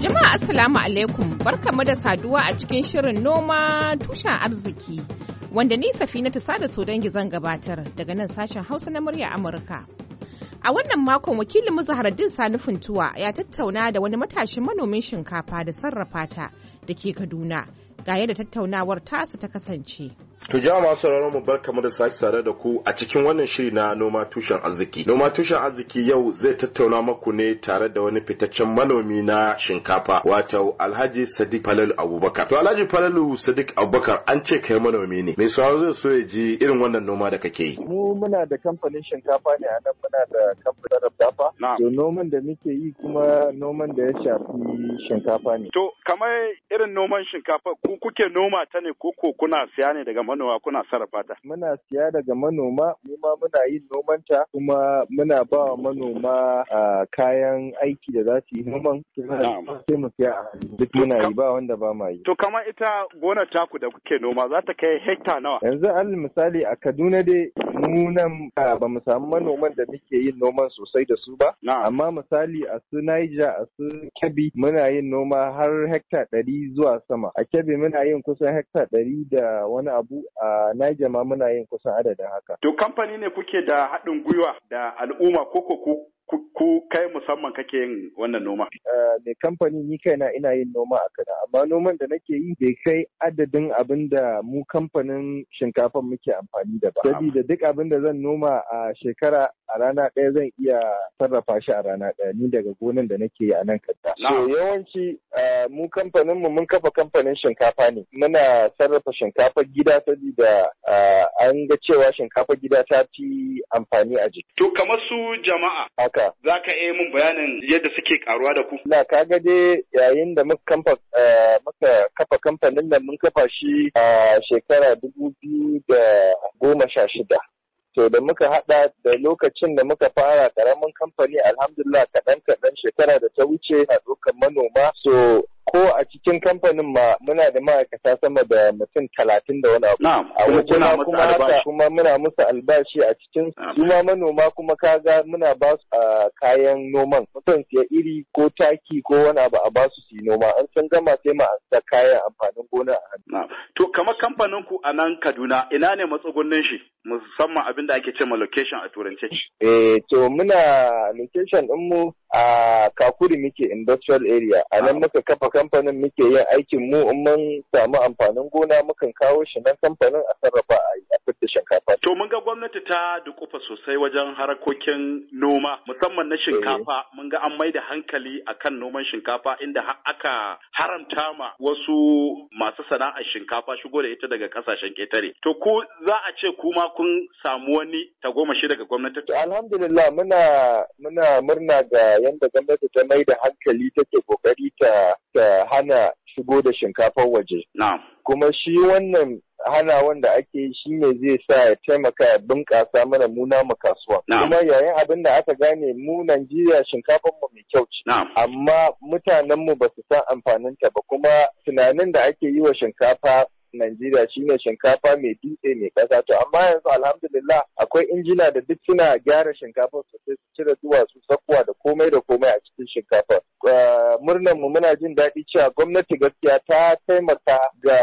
Jama'a Assalamu alaikum barkamu da saduwa a cikin shirin noma tushen arziki wanda ni safina ta sada so dangi zan gabatar daga nan sashen Hausa na murya Amurka. A wannan makon wakilin mu Zaharaddin Sani Funtuwa ya tattauna da wani matashin manomin shinkafa da sarrafa ta da ke Kaduna ga yadda tattaunawar tasu ta kasance. To jama'a masu sauraron mu barkamu da sake sare da ku a cikin wannan shiri na noma tushen arziki. Noma tushen arziki yau zai tattauna maku ne tare da wani fitaccen manomi na shinkafa wato Alhaji Sadiq Falalu Abubakar. To Alhaji Falalu Sadiq Abubakar an ce kai manomi ne. Me sauraro zai so ya ji irin wannan noma da kake yi? Mu muna da kamfanin shinkafa ne anan muna da kamfanin dafa To noman da muke yi kuma noman da ya shafi shinkafa ne. To kamar irin noman shinkafa ku kuke noma ta ne ko kuna siya ne daga manoma kuna sarrafa ta? Muna siya daga manoma, mu ma muna yin nomanta kuma muna ba wa manoma kayan aiki da za su yi noman. Sai mu siya duk muna yi ba wanda ba ma yi. To kamar ita gonar taku da kuke noma za ta kai hekta nawa? Yanzu al misali a Kaduna dai mu nan ba mu samu manoman da muke yin noman sosai da su ba. Amma misali a su Niger a su Kebbi muna yin noma har hekta ɗari zuwa sama. A Kebbi muna yin kusan hekta ɗari da wani abu a Niger ma muna yin kusan adadin haka. To kamfani ne kuke da haɗin gwiwa da al'umma ko ku ku kai musamman kake yin wannan noma? Eh, mai kamfani ni kaina ina yin noma a kana, amma noman da nake yi bai kai adadin abin da mu kamfanin shinkafan muke amfani da ba. Sabida duk abin da zan noma a shekara a rana ɗaya zan iya sarrafa shi a rana ɗaya ni daga gonan da nake yi a nan kadda. yawanci eh, mu kamfanin mu mun kafa kamfanin shinkafa ne. Muna sarrafa shinkafa gida sabida eh, an ga cewa shinkafa gida ta fi amfani a jiki. To kamar su jama'a. haka. Za ka iya mun bayanin yadda suke karuwa da ku? Na kaga dai yayin da eh, muka kafa kamfanin nan mun kafa shi a shekara dubu biyu da goma sha shida. To da muka haɗa da lokacin da muka fara karamin kamfani alhamdulillah kaɗan kaɗan shekara da ta wuce a ɗaukar manoma so ko a cikin kamfanin ma muna da ma'aikata sama da mutum talatin da wani abu. A wajen kuma haka kuma muna musu albashi a cikin su ma manoma kuma kaga muna ba su kayan noman. Mutum siya iri ko taki ko wani abu a ba su su noma. An san gama sai ma an kayan amfanin gona a hannu. To kamar kamfanin ku a nan Kaduna ina ne matsugunnin shi musamman abin da ake ce ma location a turance. Eh to muna location ɗinmu a kakuri muke industrial area a nan ah. muka kafa kamfanin muke yin aikin mu in mun samu amfanin gona mukan kawo shi nan kamfanin a sarrafa a yi gwamnati ta dukufa sosai wajen harkokin noma musamman na shinkafa eh. mun ga an mai da hankali akan noman shinkafa inda aka haramta ma wasu masu sana'ar shinkafa shigo da ita daga kasashen ketare. To ku za a ce kuma kun samu wani tagomashi daga gwamnati? Alhamdulillah muna muna murna ga yadda gwamnati ta mai da hankali take kokari ta hana shigo da shinkafa waje. Kuma shi wannan hana wanda ake yi shi ne zai sa ya taimaka ya bunƙasa mana muna mu kasuwa. Kuma yayin abin da aka gane mu Najeriya shinkafar mu mai kyau ce. Amma mutanen mu ba su san amfanin ta ba kuma tunanin da ake yi wa shinkafa Najeriya shine shinkafa mai dutse mai ƙasa to amma yanzu alhamdulillah akwai injina da duk suna gyara shinkafa sosai su cire duwatsu sakuwa da komai da komai a cikin shinkafa. Ah, murnar mu muna jin daɗi cewa gwamnati gaskiya ta taimaka ga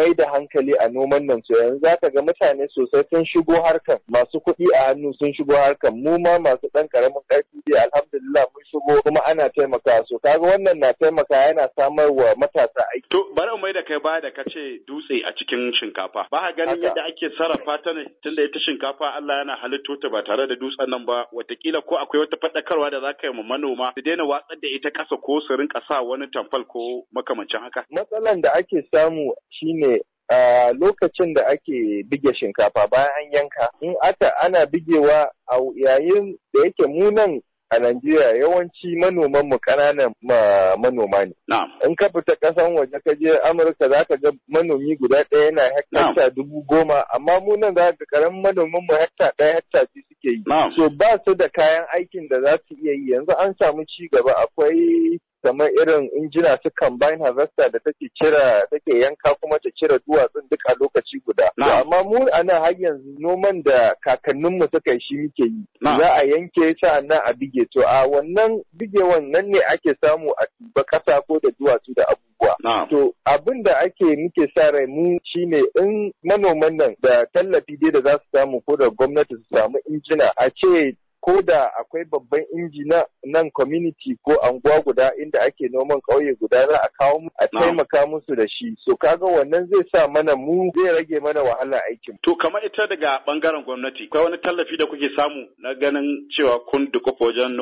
mai da hankali a noman nan so yanzu za ka ga mutane sosai sun shigo harkan masu kuɗi a hannu sun shigo harkan mu ma masu ɗan ƙaramin ƙarfi ne alhamdulillah mun shigo kuma ana taimaka so kaga wannan na taimaka yana samar wa matasa aiki. To bari mai da kai baya da ka ce dutse a cikin shinkafa ba ganin yadda ake sarrafa ta ne tunda ita shinkafa Allah yana halitto ta ba tare da dutsen nan ba watakila ko akwai wata faɗakarwa da za ka yi ma manoma su daina watsar da ita ƙasa ko su Ka sa wani tamfal ko makamancin haka? Matsalan da ake samu shine a lokacin da ake bige shinkafa bayan an yanka in aka ana bigewa a yayin da yake munan a Najeriya yawanci manoman mu kananan manoma ne. In ka fita ƙasan waje ka je Amurka za ka ga manomi guda ɗaya yana hekta dubu goma amma mu za ka karan manoman mu hekta ɗaya hekta biyu suke yi. So ba su da kayan aikin da za su iya yi yanzu an samu ci gaba akwai kamar irin injina su combine harvester da take cira take yanka kuma ta cire duwatsun duk a lokaci guda. Amma mu a nan har yanzu noman da kakanninmu suka yi shi muke yi. Za a yanke sa'annan a bige to a wannan bige wannan ne ake samu a tuba kasa ko da duwatsu da abubuwa. To abin da ake muke sa rai mu shine in manoman nan da tallafi dai da za su samu ko da gwamnati su samu injina a ce ko da akwai babban inji na nan community ko anguwa guda inda ake noman kauye guda za a kawo mu a taimaka musu da shi so kaga wannan zai sa mana mu zai rage mana wahalar aikin to kamar ita daga bangaren gwamnati akwai wani tallafi da kuke samu na ganin cewa kun dukufa wajen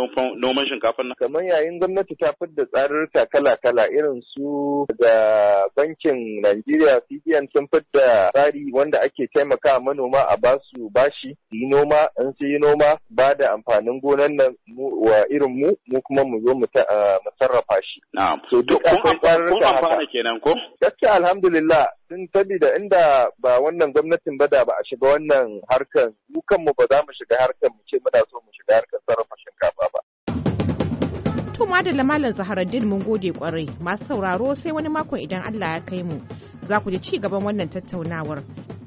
noman shinkafa nan kamar yayin gwamnati ta fidda tsarurruka kala-kala irin su da bankin Najeriya CBN sun fidda tsari wanda ake taimaka manoma a basu bashi yi noma in su yi noma ba da amfanin gonan nan wa irin mu mu kuma mu zo mu sarrafa shi. So duk kun kenan ko? Gaskiya alhamdulillah sun sabida inda ba wannan gwamnatin ba da ba a shiga wannan harkar mu ba za mu shiga harkar mu ce muna so mu shiga harkar sarrafa shinkafa ba. To da Malam Zaharaddin mun gode kwarai masu sauraro sai wani makon idan Allah ya kai mu za ku ji ci gaban wannan tattaunawar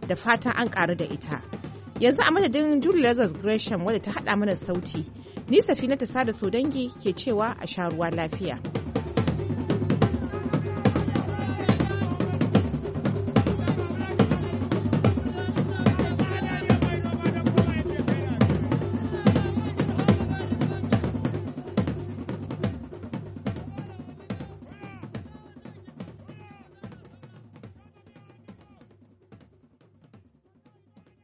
da fatan an ƙaru da ita. yanzu a madadin julie lazarus gresham wadda ta hada mana sauti ni safina ta sada dangi ke cewa a sha ruwa lafiya.